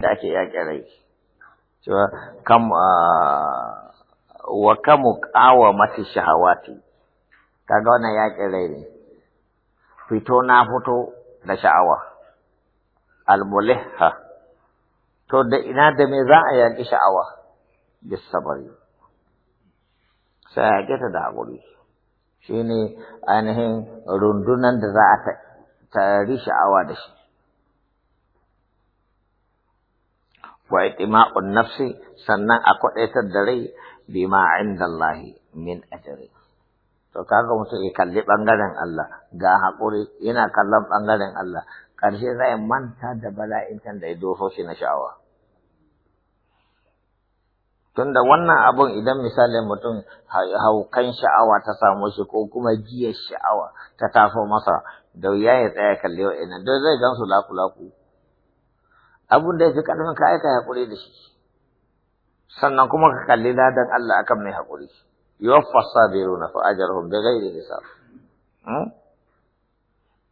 da ake yaƙi rai cewa kam wa kamu ƙawa mati shahawati kaga wannan yaƙin rai ne fito na fito da sha'awa almulihha to da ina da me za a yaƙi sha'awa bis sabari sai a yaƙe ta da haƙuri shine ainihin rundunan da za a tari sha'awa da shi wa itima'un nafsi sannan a kwadaitar da rai bima indallahi min ajri to kaga mutum ya kalli bangaren Allah ga haƙuri yana kallon bangaren Allah karshe zai manta da bala'in tan da ya doso shi na sha'awa tunda wannan abun idan misalin mutum haukan sha'awa ta samu shi ko kuma jiyar sha'awa ta taso masa da ya ya tsaya kalli wa'ina da zai gan su laku-laku abun da ya fi ka aika haƙuri da shi sannan kuma ka kalli ladan Allah akan mai hakuri yuwaffas sabiruna fa ajrahum bighairi hisab hmm?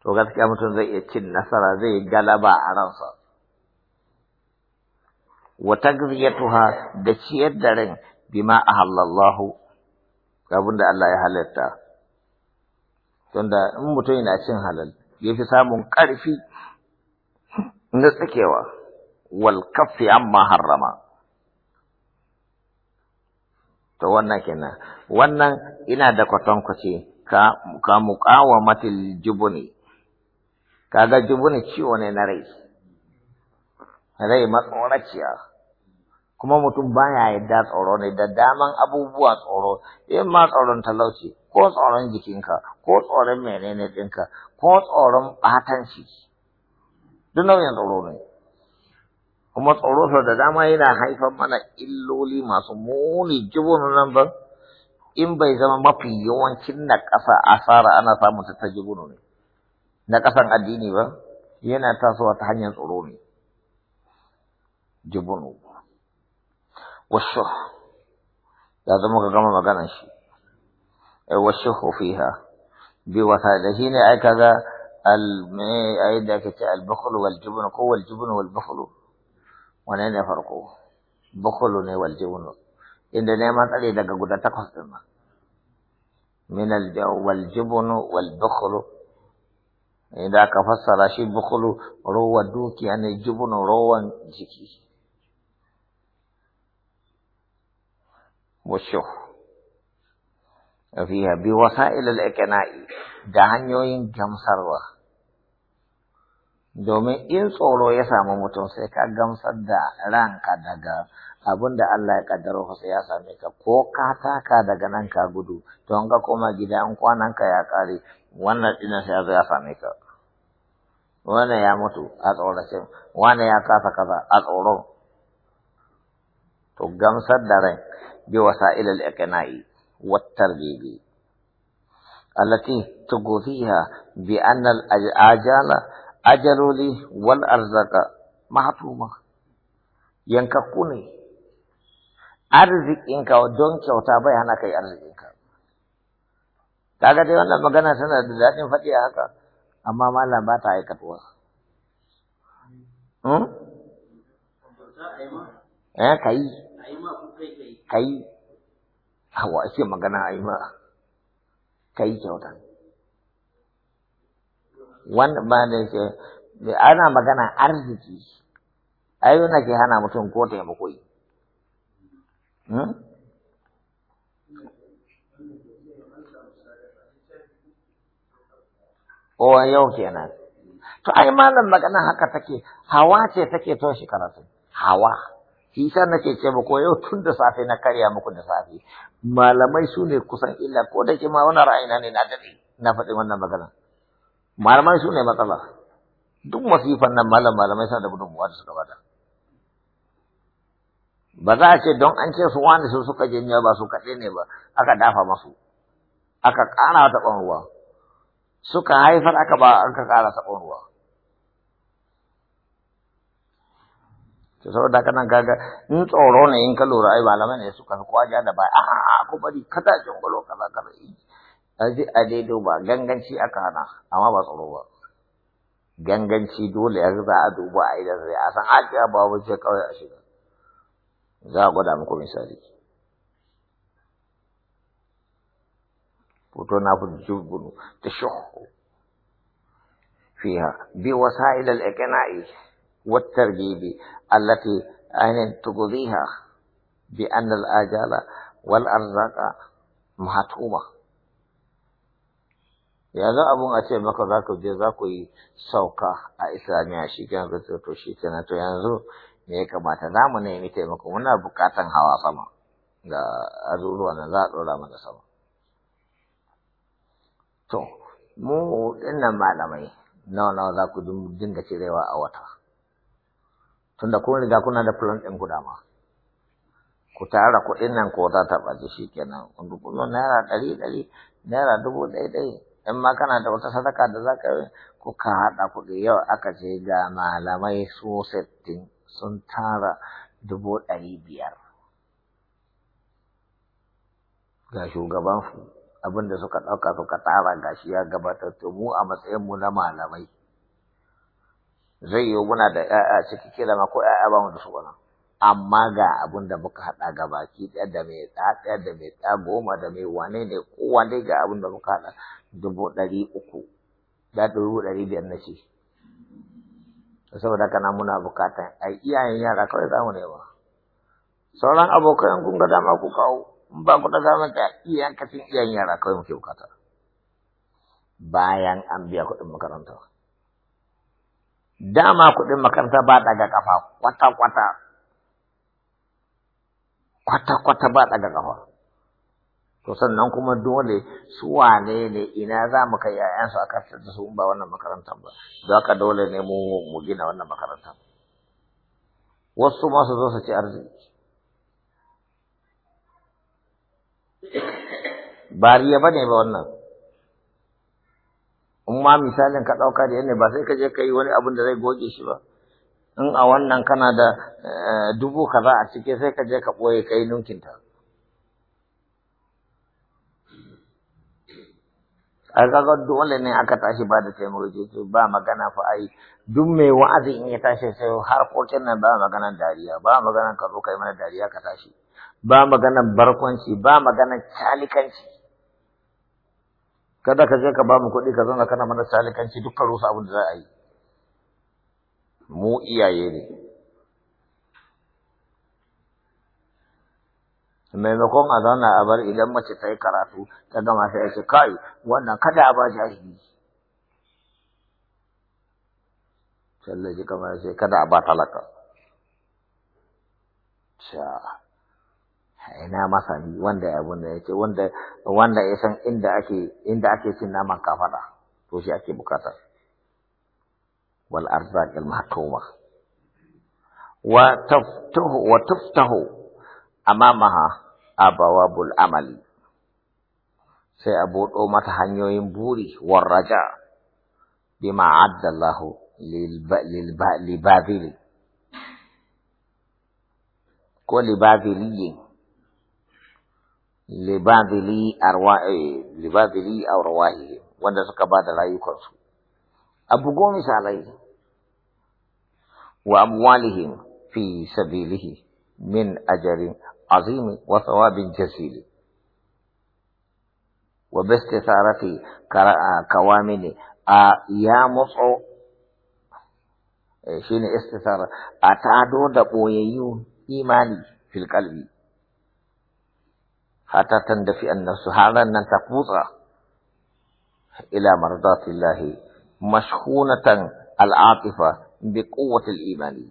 to gaskiya mutum zai iya cin nasara zai galaba a ransa wa tagziyatuha da ciyar da ran bima ahallallahu abin da Allah ya halatta tunda in mutum yana cin halal ya fi samun ƙarfi na tsakewa wal amma harrama to wannan kenan wannan ina da kwatankwace ka ka matil jubuni kaga jubuni ciwo ne na rai rai matsoraciya kuma mutum baya yadda tsoro ne da daman abubuwa tsoro in ma tsoron talauci ko tsoron jikinka ko tsoron menene ɗinka ko tsoron batanci, duk nau'in tsoro ne kuma tsoro sau da dama yana haifar mana illoli masu muni jibun nan ba in bai zama mafi yawancin na ƙasa asara ana samun ta ta jibun ne na ƙasan addini ba yana tasowa ta hanyar tsoro ne jibun wasu da zama ka gama maganar shi wasu fiha bi wata da ne ai kaga al mai ai da kace al bukhlu wal jibun ko wal jibun wal bukhlu wane ne farko bukulu ne wal jibnu inda neman tsare daga guda takwas din nan min al wal wal bukulu idan aka fassara shi bukulu rowa dukiya ne jibnu rowan jiki والشح فيها wasa الإقناع دهن Da hanyoyin سروه domin in tsoro ya samu mutum sai ka gamsar da ranka daga abin da Allah ya kaddaro sai ya same ka ko ka taka daga nan ka gudu to an ka koma gida in kwanan ka ya kare wannan dinan sai ya zo same ka wannan ya mutu a tsoracin wannan ya kasa kaza a tsoro, to gamsar da rai bi wasa'il al-iqna'i wat tarbibi allati tughfiha bi anna al-ajala ajaloli wal arzaka mahatuma yankakku ne arzikinka don kyauta bai hana kai arzikinka kaga dai wannan magana tana da daɗin faɗi a haka amma malam ba ta aikatuwa hmm? eh kai kai hawa ake magana a kai kyauta wanda ba da yake ana magana arziki ai yana ke hana mutum ko taimako yi hmm? yau kenan. To ai malam magana haka take hawa ce take shi karatu. Hawa. Shi sa nake ce muku yau tun da safe na karya muku da safe. Malamai su ne kusan illa ko da ke ma wani na ne na dade na faɗi wannan magana. malamai su ne matsala duk masifan nan malam malamai sa da gudunmuwa da suka bada ba za a ce don an ce su wani su suka jinya ba su kaɗai ne ba aka dafa masu aka ƙara ta ruwa suka haifar aka ba aka ƙara ta ruwa to saboda haka nan kaga in tsoro ne in ka lura ai malamai ne suka fi kwaja da ba a ku bari kada jin kaza kaza kaza aji a dai duba ganganci aka hana amma ba tsaro ba ganganci dole yanzu za a duba a idan zai a san ajiya ba wace kawai a shiga za a gwada muku misali hoto na fi jubunu ta shuhu fiha bi wasa'il al-iqna'i wa at-targhib allati ainin tughdiha bi anna al-ajala wal arzaqa mahtuma ya abun a ce maka za ka je za ku yi sauka a islamiyya shi kenan ka to shi na to yanzu me ya kamata za mu nemi taimako muna bukatan hawa sama ga azuruwa nan za a ɗora mana sama to mu ɗinnan malamai nawa nawa za ku dinga cirewa a wata tunda kun riga kuna da plan ɗin guda ma ku tara kuɗin nan ko za ta ɓaci shi kenan naira ɗari ɗari naira dubu ɗaya in ma kana da wata sadaka da za ka ko ka haɗa kuɗi yau aka ce ga malamai su sittin sun tara dubu ɗari biyar ga shugabansu abin da suka ɗauka suka tara gashi ya gabatar to mu a matsayinmu na malamai zai yi muna da 'ya'ya ciki kila ma ko 'ya'ya ba mu da su wannan amma ga abin da muka haɗa ga baki ɗaya da mai ɗaya da mai ɗaya goma da mai wane ne kowa wane ga abin da muka haɗa dubu ɗari uku da dubu ɗari biyar na ce saboda haka na muna bukata ai iyayen yara kawai za mu nema sauran abokan kun ga dama ku kawo in ba ku da dama ta iyakacin iyayen yara kawai muke bukata bayan an biya kuɗin makaranta dama kuɗin makaranta ba daga kafa kwata-kwata kwata-kwata ba daga ƙafa. To sannan kuma dole su wane ne ina za mu kai ‘ya'yansu a karta da su ba wannan makarantar ba, za ka dole ne mu mu gina wannan makarantar. Wasu masu zo su ci arziki. Bariya ba ne ba wannan. In ma misalin ka ɗauka da yanayi ba sai ka je ka yi wani abin da zai goge shi ba. in a wannan kana da eh, dubu kaza a cikin sai ka je ka ɓoye kai ninkinta a kaga dole ne aka tashi ba da taimako ba magana fa ai duk mai wa'azi in ya tashi sai harkokin nan ba maganan dariya ba maganan ka zo kai mana dariya ka tashi ba maganan barkwanci ba maganan calikanci kada ka je ka ba mu kuɗi ka zauna kana mana calikanci duk ka rusa abin da za a yi mu iyaye ne maimakon a zauna a bar idan mace ta yi karatu ta gama sai ce, kai wannan kada a ba jahili sallaji kamar sai kada a ba talaka sha ina masani wanda ya da ya wanda wanda ya san inda ake inda ake cin naman kafada to shi ake bukatar والأرزاق المحكومة وتفته وتفته أمامها أبواب الأمل سيأبود أمت هنيو ينبوري والرجاء بما عد الله للب... للب... لباذل كل باذلي لباذلي أرواحي لباذلي أرواحي وندسك بعد لا يكسر ابو گومس علیہ و اموالهم فی من اجر عظيم وثواب ثواب جزیل و باستثارت کوامل یا آه، مصعو إيه، شین استثار اتادو دبویو ایمانی فی القلبی حتى تندفئ النفس هذا ان تقبض الى مرضات الله مشحونة العاطفة بقوة الإيمان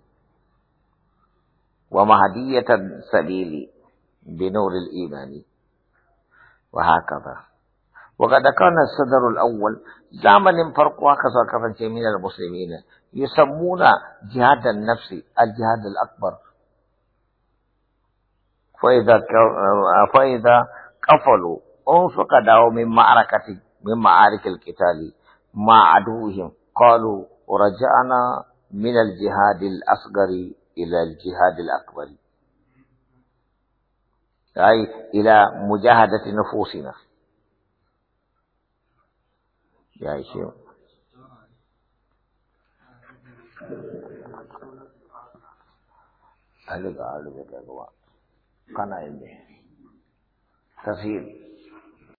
ومهدية السبيل بنور الإيمان وهكذا وقد كان الصدر الأول زمن وكذا كفن من المسلمين يسمون جهاد النفس الجهاد الأكبر فإذا فإذا قفلوا انفق دعوا من معركة من معارك القتال مع عدوهم قالوا رجعنا من الجهاد الأصغر إلى الجهاد الأكبر أي إلى مجاهدة نفوسنا يا شيخ ألقى ألقى كان عندي كثير